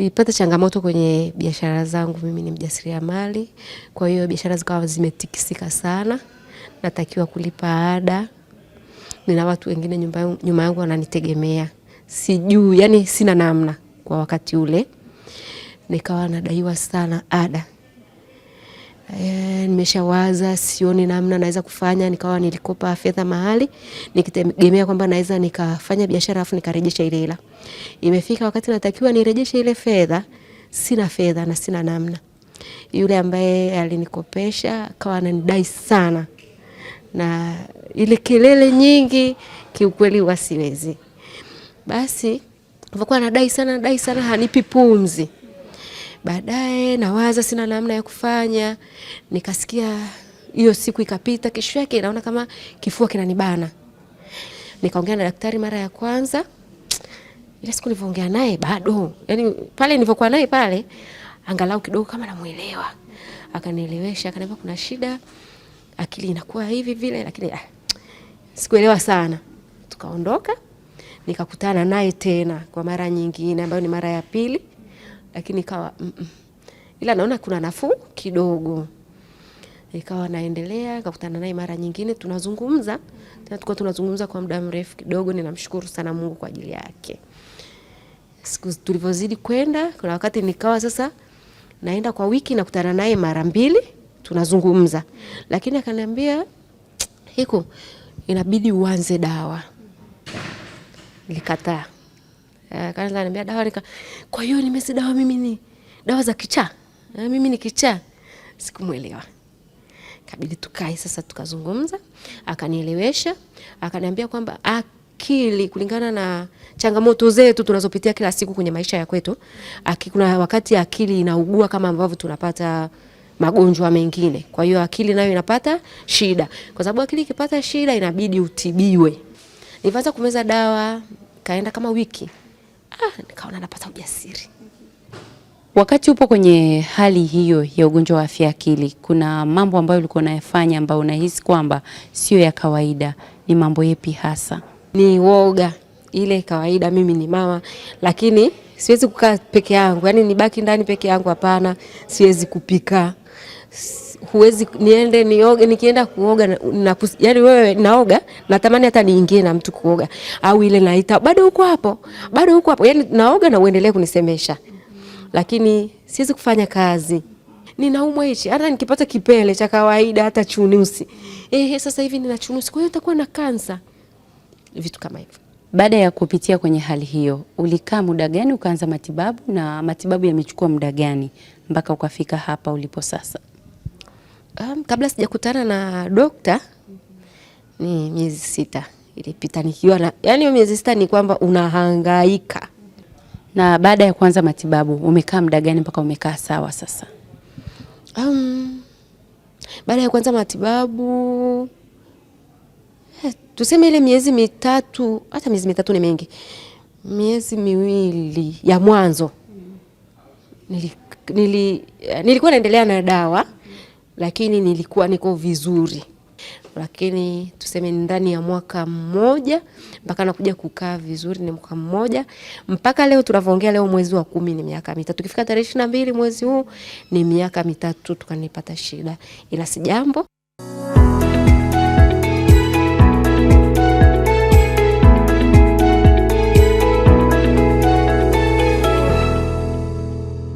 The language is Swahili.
nilipata changamoto kwenye biashara zangu. Mimi ni mjasiriamali, kwa hiyo biashara zikawa zimetikisika sana. Natakiwa kulipa ada, nina watu wengine nyuma yangu wananitegemea, sijui yani sina namna. Kwa wakati ule nikawa nadaiwa sana ada. E, nimeshawaza sioni namna naweza kufanya, nikawa nilikopa fedha mahali nikitegemea kwamba naweza nikafanya biashara afu nikarejesha ile hela. Imefika wakati natakiwa nirejeshe ile fedha, sina fedha na sina namna. Yule ambaye alinikopesha akawa ananidai sana, na ile kelele nyingi, kiukweli wasiwezi. Basi kuwa anadai sana, anadai sana, hanipi pumzi. Baadaye nawaza sina namna ya kufanya, nikasikia hiyo siku ikapita. Kesho yake naona kama kifua kinanibana, nikaongea na daktari mara ya kwanza. Ile siku nilivyoongea naye bado, yani pale nilivyokuwa naye pale, angalau kidogo kama namuelewa, akanielewesha, akaniambia kuna shida, akili inakuwa hivi vile, lakini ah, sikuelewa sana. Tukaondoka, nikakutana naye tena kwa mara nyingine ambayo ni mara ya pili lakini ikawa mm -mm. ila naona kuna nafuu kidogo ikawa naendelea, kakutana naye mara nyingine, tunazungumza tena, tulikuwa tunazungumza kwa muda mrefu kidogo. Ninamshukuru sana Mungu kwa ajili yake. Siku tulivyozidi kwenda, kuna wakati nikawa sasa naenda kwa wiki, nakutana naye mara mbili, tunazungumza, lakini akaniambia hiko inabidi uanze dawa. Nilikataa. Eh, ananiambia dawa nika. Kwa hiyo nimesi dawa mimi ni dawa za kichaa. Eh, mimi ni kichaa. Sikumuelewa. Kabidi tukae sasa tukazungumza, akanielewesha, akaniambia kwamba akili kulingana na changamoto zetu tunazopitia kila siku kwenye maisha ya kwetu, kuna wakati akili inaugua kama ambavyo tunapata magonjwa mengine. Kwa hiyo akili nayo inapata shida, kwa sababu akili ikipata shida inabidi utibiwe. Nilianza kumeza dawa, kaenda kama wiki nikaona napata ujasiri. Wakati upo kwenye hali hiyo ya ugonjwa wa afya akili, kuna mambo ambayo ulikuwa unayafanya ambayo unahisi kwamba sio ya kawaida, ni mambo yepi hasa? Ni woga ile kawaida, mimi ni mama lakini siwezi kukaa peke yangu, yani nibaki ndani peke yangu, hapana. Siwezi kupika, huwezi niende nioge. Nikienda kuoga na, yani wewe naoga, natamani hata niingie na mtu kuoga, au ile naita bado huko hapo, bado huko hapo, yani naoga na uendelee kunisemesha, lakini siwezi kufanya kazi ninaumwa hichi, hata nikipata kipele cha kawaida, hata chunusi. Ehe, sasa hivi nina chunusi, kwa hiyo nitakuwa na kansa, vitu kama hivyo. Baada ya kupitia kwenye hali hiyo, ulikaa muda gani ukaanza matibabu, na matibabu yamechukua muda gani mpaka ukafika hapa ulipo sasa? Um, kabla sijakutana na dokta ni miezi sita ilipita nikiwa na yani, miezi sita ni kwamba unahangaika. Na baada ya kuanza matibabu umekaa muda gani mpaka umekaa sawa sasa? Um, baada ya kuanza matibabu tuseme ile miezi mitatu, hata miezi mitatu ni mingi miezi miwili ya mwanzo nili, nili, nilikuwa naendelea na dawa lakini nilikuwa niko vizuri, lakini tuseme ndani ya mwaka mmoja mpaka nakuja kukaa vizuri ni mwaka mmoja mpaka leo tunavyoongea, leo mwezi wa kumi ni miaka mitatu. ukifika tarehe ishirini na mbili mwezi huu ni miaka mitatu tukanipata shida, ila si jambo